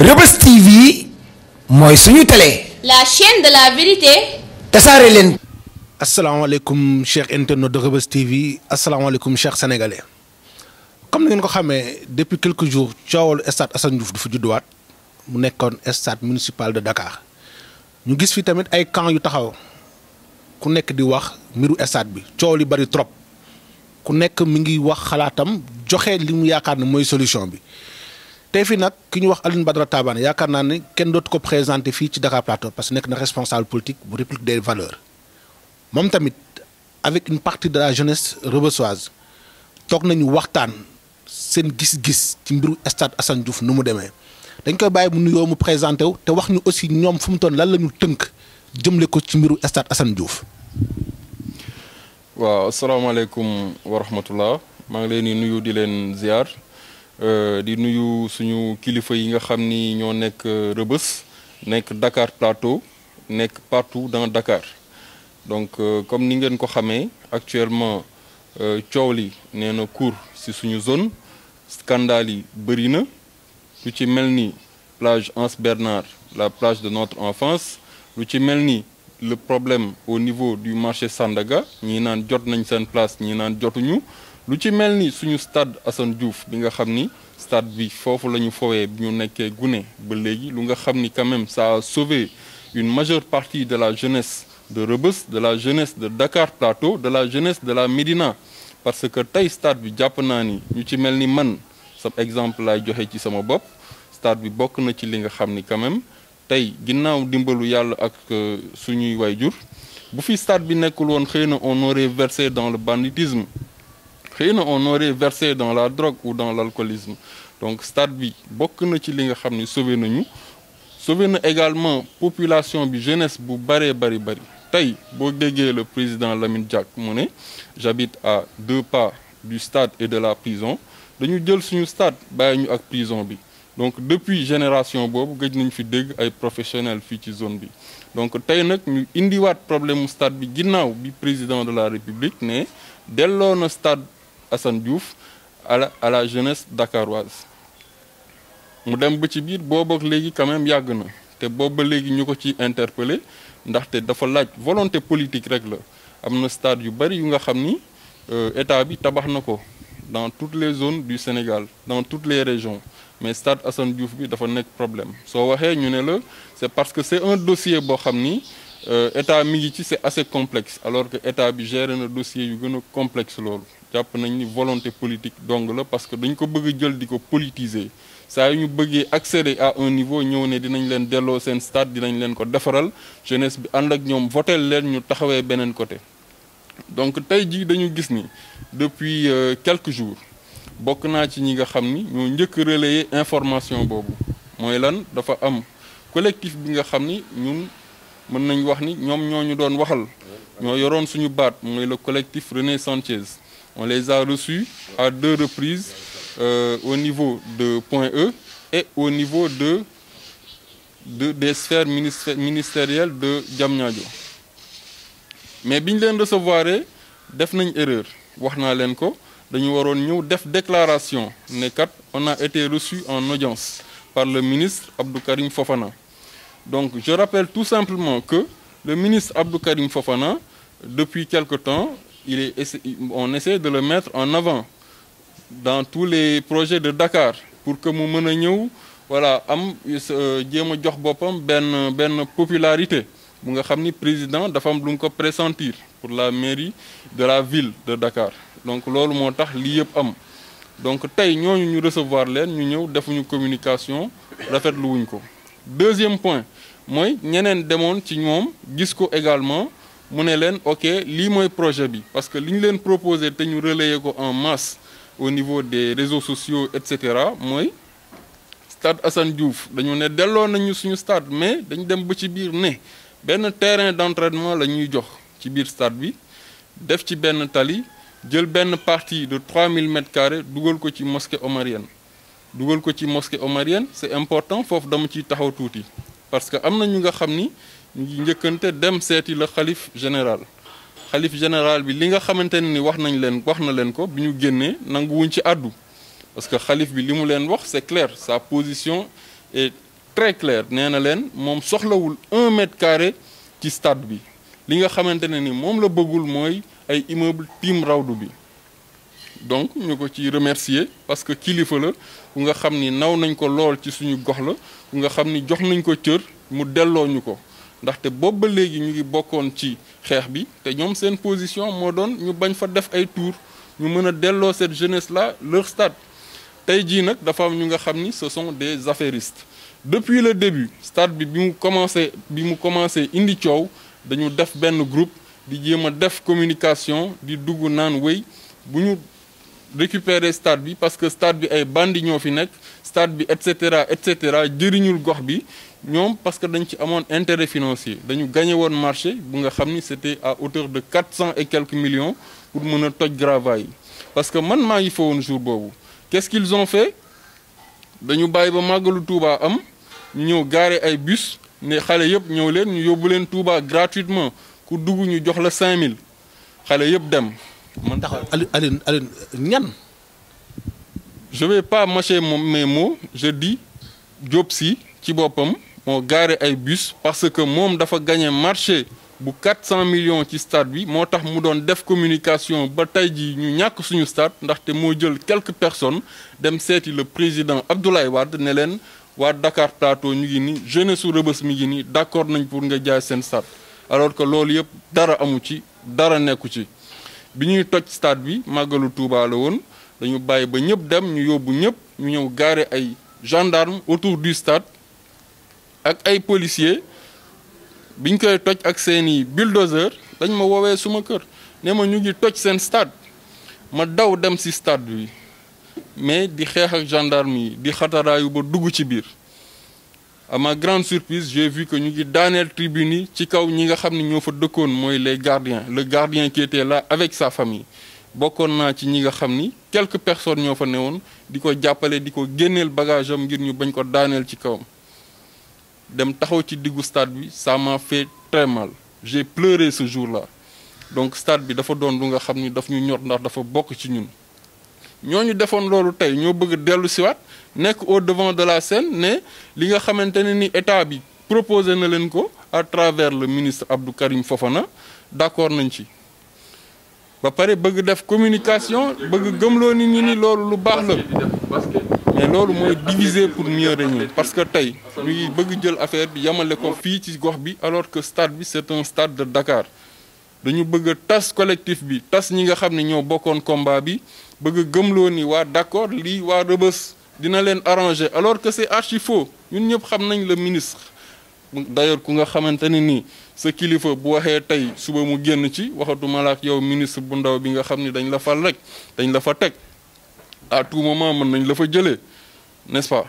Rebus TV télé. la chaîne de la vérité. ça, Assalamu alaikum, chers internautes de Rebus TV alaikum chers sénégalais comme nous le savons, depuis quelques jours coowalu municipal de Dakar Nous gis fi tamit ay camp yu taxaw ku bi li bari trop ku nekk de wax solution tey fii nag ki ñu wax Alioune Badara Tabane yaakaar naa ne kenn ko présenté fi ci Dakar Plateau parce que na responsable politique bu République des valeurs Mom tamit avec une partie de la jeunesse rebeçoise tok nañu waxtaan sen gis-gis ci mbiru stade Assane Diouf numu démé. dañ koy baye mu nuyo mu présenté wu te wax ñu aussi ñom fu mu toon lan la ñu tënk ko ci mbiru stade Assane Diouf. waaw asalaamaaleykum wa rahmatullah Ma ngi leen di nuyu di leen ziar. Euh, di nuyu suñu kilifa yi nga xam ni ñoo nekk euh, nekk Dakar Plateau partout dans Dakar donc euh, comme ni ngeen ko actuellement coow est nee cours ci suñu zone scandale yi bëri na lu ci plage Anse Bernard la plage de notre enfance lu ci mel le problème au niveau du marché Sandaga ñii une jot nañ seen place ñii naan jotuñu ce qui est stade Diouf bi stade bi la ça a sauvé une majeure partie de la jeunesse de Rebus, de la jeunesse de Dakar Plateau de la jeunesse de la Médina parce que le stade bi la ni ñu ci man sa exemple laay stade ci sama le stade de la na ci li nga quand même euh, stade bi nekkul stade on aurait versé dans le banditisme on aurait versé dans la drogue ou dans l'alcoolisme donc stade bi Beaucoup de ci li nga xam nous sauvé nañu également population bi jeunesse bu bëree bëri bëri tey boo le président Lamine Jack j'habite à deux pas du stade et de la prison dañu jël suñu stade bàyyi ñu ak prison bi donc depuis génération boobu gëj nañ fi dégg ay professionnels dans ci zone bi donc tey nag ñu un problème au stade bi président de la république dès lors, le stade Assane Diouf à la à la jeunesse dakaroise mu dem ba ci biir quand même yàgg te Bobo ba léegi ñu ko ci interpellé dafa laaj volonté politique rek la am na stade yu bari yu nga xamni euh état bi tabax nako dans toutes les zones du Sénégal dans toutes les régions mais stade Assane Diouf bi dafa nek problème so waxee ñu ne c'est parce que c'est un dossier bo xamni euh état mi ci c'est assez complexe alors que état bi gère un dossier yu gëna complexe jàpp nañ ni volonté politique dong la parce que dañ ko bëgg jël diko politiser ça ñu bëggé accéder à un niveau ñëw né dinañ leen délo sen stade dinañ leen ko defaral jeunesse bi ànd ak ñoom votel leen ñu taxawé benen côté. donc tay ji dañu gis ni depuis euh, quelques jours bokk na ci ñi nga xamni ñu ñoo relayer information bobu moy lan dafa am collectif bi nga xamni ñun mën nañ wax ni ñom ñoñu doon waxal ñoo yoroon suñu baat moy le collectif René Sanchez. On les a reçus à deux reprises euh, au niveau de Point E et au niveau de, des sphères ministérielles de Diamniadio. Mais bien de recevoir def erreur déclaration on a été reçu en audience par le ministre Abdoukarim Karim Fofana. Donc je rappelle tout simplement que le ministre Abdoukarim Karim Fofana, depuis quelque temps, on essaie de le mettre en avant dans tous les projets de Dakar pour que nous puissions voilà am popularité Nous nga xamni président dafa am lu pressentir pour la mairie de la ville de Dakar donc c'est ce li lii a. am donc nous recevons ñu recevoir leen ñu ñëw communication lu wuñ ko deuxième point nous avons des ci ñom gis ko également mu ne leen ok lii mooy projet bi parce que li ñu leen proposé te ñu relayer ko en masse au niveau des réseaux sociaux et cetera mooy stade Assane Diouf dañu ne delloo nañu suñu stade mais dañu dem ba ci biir ne benn terrain d'entraînement la ñuy jox ci biir stade bi def ci benn tali jël benn partie de 3000 mètres carrés dugal ko ci mosquée omarienne dugal ko ci mosquée omarienne c'est important foofu dama ciy taxaw tuuti parce que am na ñu nga xam ni. Le dem seeti le Khalife général khalife général bi li nga wax leen wax na leen ko parce que khalife bi li leen c'est clair sa position est très claire leen soxlawul un mètre carré ci stade bi li nga la bëggul immeuble bi donc je ci remercier parce que kilifa la ku nga xam ni naw nañ ko lool ci suñu gox la ku nga xam ni jox nañ ko ndaxte bobu légui ñu ngi bokkoon ci xeex bi te ñom seen position mo doon ñu bañ fa def ay tour ñu mëna a cette jeunesse là leur stade tay ji nak dafa am ñu nga xamni ce sont des affairistes depuis le début stade bi bi mu commencé bi mu commencé indi ciow dañu def ben groupe di jema def communication di dugg naan wey bu récupérer stade bi parce que stade bi ay bandi ñoo fi nekk stade bi et cetera et cetera jëriñul gox bi ñoom parce que dañ ci amoon intérêt financier dañu gagné woon marché bu nga xam ni c'était à hauteur de 400 et quelques millions pour mën a toj grava yi parce que man maa ngi fa woon jour boobu qu'est-ce qu'ils ont fait dañu bàyyi ba màggalu Touba am ñu ñëw gaare ay bus ne xale yëpp ñëw leen ñu yóbbu leen Touba gratuitement ku dugg ñu jox la 5000. mille xale yëpp dem man taxaw Aline Aline ñan. je vais pas mâcher mes mots je dis Diopsi, Sy ci boppam moo ay bus parce que moom dafa un marché bu 400 millions ci stade bi moo tax mu def communication ba tey jii ñu ñàkk suñu stade ndaxte moo jël quelques personnes dem seeti le président Abdoulaye Wade ne leen Dakar Plateau ñu ngi ni jeunesse su Rebeuss mi ngi ni d'accord nañ pour nga jaay seen stade alors que loolu dara amu ci dara nekku ci. bi ñuy toj stade bi màggalu Touba dañu bàyyi ba ñëpp dem ñu yóbbu ñëpp ñu ñëw gaare ay gendarme autour du stade ak ay policiers biñ koy toj ak seeni bulldozer dañ ma woowee suma kër ne ma ñu ngi toj seen stade ma daw dem ci stade bi mais di xeex ak gendarme yi di xataraayu ba dugg ci biir à ma grande surprise j'ai vu que ñu ngi Daniel Tribuni, yi ci kaw ñi nga xam ne ñoo fa les gardiens le gardien qui était là avec sa famille bokkoon ci ñi nga xam quelques personnes ñoo fa newoon di ko jàppale di ko génneel bagage am ngir ñu bañ ko daaneel ci kawam dem taxaw ci diggu stade bi ça m'a fait très mal j'ai pleuré ce jour-là donc stade bi dafa doon lu nga xam daf ñu ñor dafa bokk ci ñun ñooñu defoon loolu tey ñoo bëgg dellu siwaat nekk au devant de la scène ne li nga xamante ne ni état bi proposé na leen ko à travers le ministre Abdou Karim Fofana d'accord nañ ci ba pare bëgg def communication bëgg gëmloo nit ñi ni loolu lu baax la mais loolu mooy diviser pour mieux régner parce que tey ñu bëgg jël affaire bi yamale ko fii ci gox bi alors que stade bi c'est un stade de Dakar dañu bëgg tas collectif bi tas ñi nga xam ne ñoo bokkoon combat bi bëgg gëmloo ni wa d'accord li wa rebeus dina l'en arranger alors que c'est archi faux ñun ñëpp le ministre d'ailleurs ku nga xamante ni ce qu'il kilifa bu waxé tay suba mu génn ci waxatu la yow ministre bu ndaw bi nga xamni dañ la fal rek dañ la fa tek à tout moment mën nañ la fa jëlé n'est-ce pas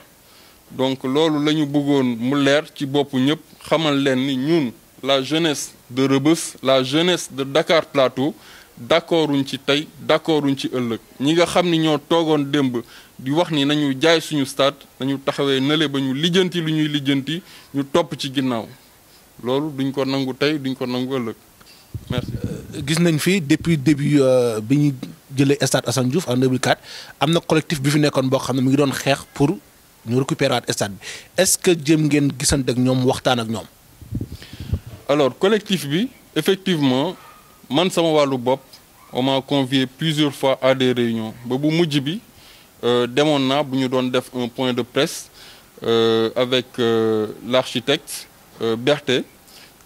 donc loolu lañu bëggoon mu leer ci bop ñëpp xamal leen ni ñun la jeunesse de rebus la jeunesse de Dakar Plateau d'accorduñ ci tay d'accorduñ ci ëllëg ñi nga xam ni ñoo toogoon démb di wax ni nañu jaay suñu stade nañu taxawee nële ba ñu lijjanti lu ñuy lijjanti ñu topp ci ginnaaw loolu duñ ko nangu tey duñ ko nangu ëllëg merci. Euh, gis nañ fi depuis début euh, bi ñu jëlee stade Assane Diouf en 2004 am na collectif bi fi nekkoon boo xam ne mu ngi doon xeex pour ñu récupérer waat stade bi est-ce que jëm ngeen gisante ak ñoom waxtaan ak ñoom. alors collectif bi effectivement man sama walu bop on m'a convié plusieurs fois à des réunions ba bu mujj bi euh naa na buñu don def un point de presse euh, avec euh, l'architecte euh, Berthe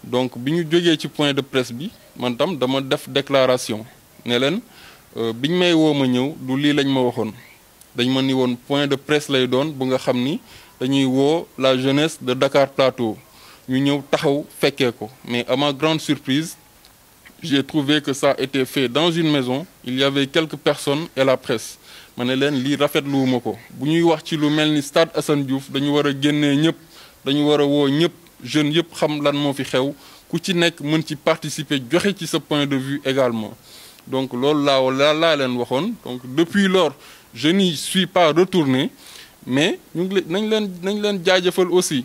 donc biñu joggé ci point de presse bi man tam dama def déclaration ne leen bi ñu may woo ma ñëw du li lañ ma waxone dañ ma ni won point de presse lay don bu nga xamni dañuy wo la jeunesse de Dakar Plateau ñu ñew taxaw fekkee ko mais à ma grande surprise j'ai trouvé que ça a été fait dans une maison il y avait quelques personnes et la presse ma li leen lii wax ci lu melni stade Assane Diouf dañu wara a dañu wara wo ñëpp jeunes qui xam lan mo fi xew ku ci mën ci participer ci point de vue également donc lool la la la len donc depuis lors je n'y suis pas retourné mais ñu suis nañ nañ aussi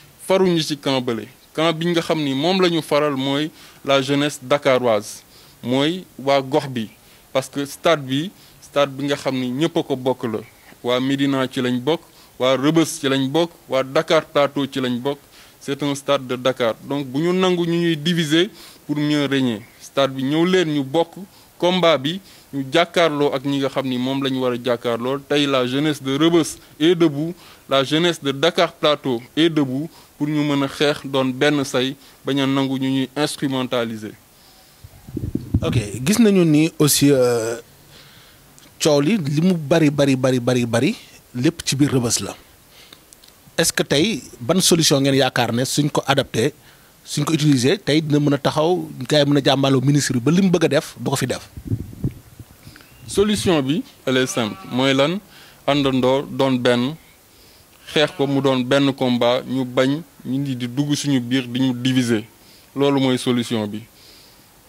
faruñu ci camp bële camp bi nga xamni mom lañu la faral moy la jeunesse dakaroise moy wa gox bi parce que stade bi stade bi nga xamni ñepp ko bokk la waa Médina ci lañ bokk wa rebeus ci lañ bokk wa Dakar Plateau ci lañ bokk c'est un stade de Dakar donc buñu ñu nangu ñu ñuy diviser pour mieux régner stade bi ñew leen ñu bokk combat bi ñu jakarlo ak ñi nga xamni mom moom la ñu war la jeunesse de rebeus est debout la jeunesse de Dakar Plateau est debout pour ñu mën a xeex Ben benn say bañ a ñuy instrumentaliser. ok gis nañu ni aussi euh, coow li li bari bari bari bari bari lépp ci biir rëbës la est-ce que une ban solution ngeen yaakaar ne suñ ko adapté suñ ko utilisé tey dina mën a taxaw gars yi mën a ministre bi ba li mu bëgg def ko fi def. solution bi elle est simple moy lan àndandoo don ben xeex ko mu doon ben combat ñu bañ ñu di dugg suñu biir di ñu diviser lolu moy solution bi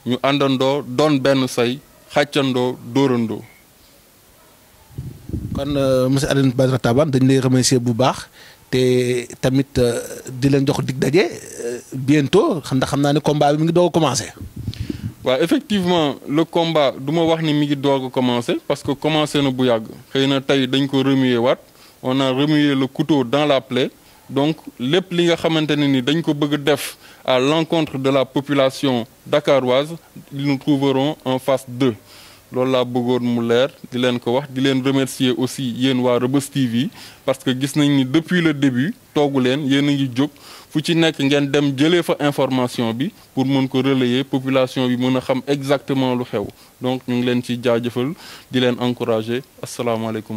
ñu andando doon ben say xatchando dorando kon euh, monsieur Alioune Badara Tabane dañ lay remercier bu baax te tamit euh, di leen jox dig dajé euh, bientôt ndax xam naa ne combat bi mi ngi doog commencer commencé. effectivement le combat du ma wax ni mi ngi doog a parce que commencer, na bu yàgg xëy na tey dañ ko remuer waat on a remué le couteau dans la plaie donc les li nga ont été def à l'encontre de la population dakaroise nous trouverons en face d'eux Lola Bogor bëggoon mu leer di Je ko aussi Yenwa waa TV parce que gis nañ depuis le début Togulen, leen yéen a ngi jóg fu ci information bi pour mën ko relayer population bi mën xam exactement lu xew donc nous ngi leen ci vous di Assalamu encourager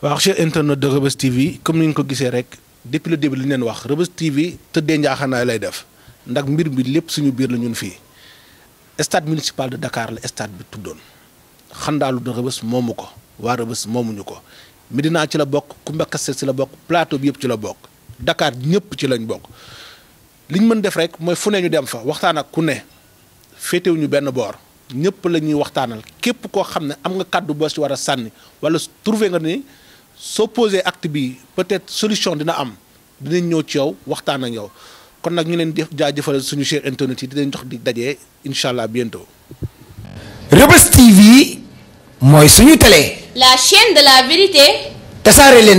waaw internet de Reubeuss TV comme ni nga ko gisee rek depuis le li leen wax Reubeuss TV tëddee njaaxanaay lay def ndax mbir mi lépp suñu biir la ñun fii stade municipal de Dakar la stade bi tuddoon xandaalu de Reubeuss moomu ko waa Reubeuss moomuñu ko Médina ci la bokk Kumba Kassel la bokk plateau bi yëpp ci la bokk Dakar ñëpp ci lañ bokk liñ mën def rek mooy fu ne ñu dem fa waxtaan ak ku ne féetewuñu benn boor ñëpp la ñuy waxtaanal képp koo xam ne am nga kàddu boo ci war a sànni wala trouvé nga ni. soo posé act bi peut-être solution dina am dinañ ñëw ci yow waxtaan ak yow kon nag ñu leen di jaajëfal suñu cher internet yi dinañ jox di daje incha allah bientôt. Reubeuss TV mooy suñu télé. la chaîne de la vérité. tasaare leen.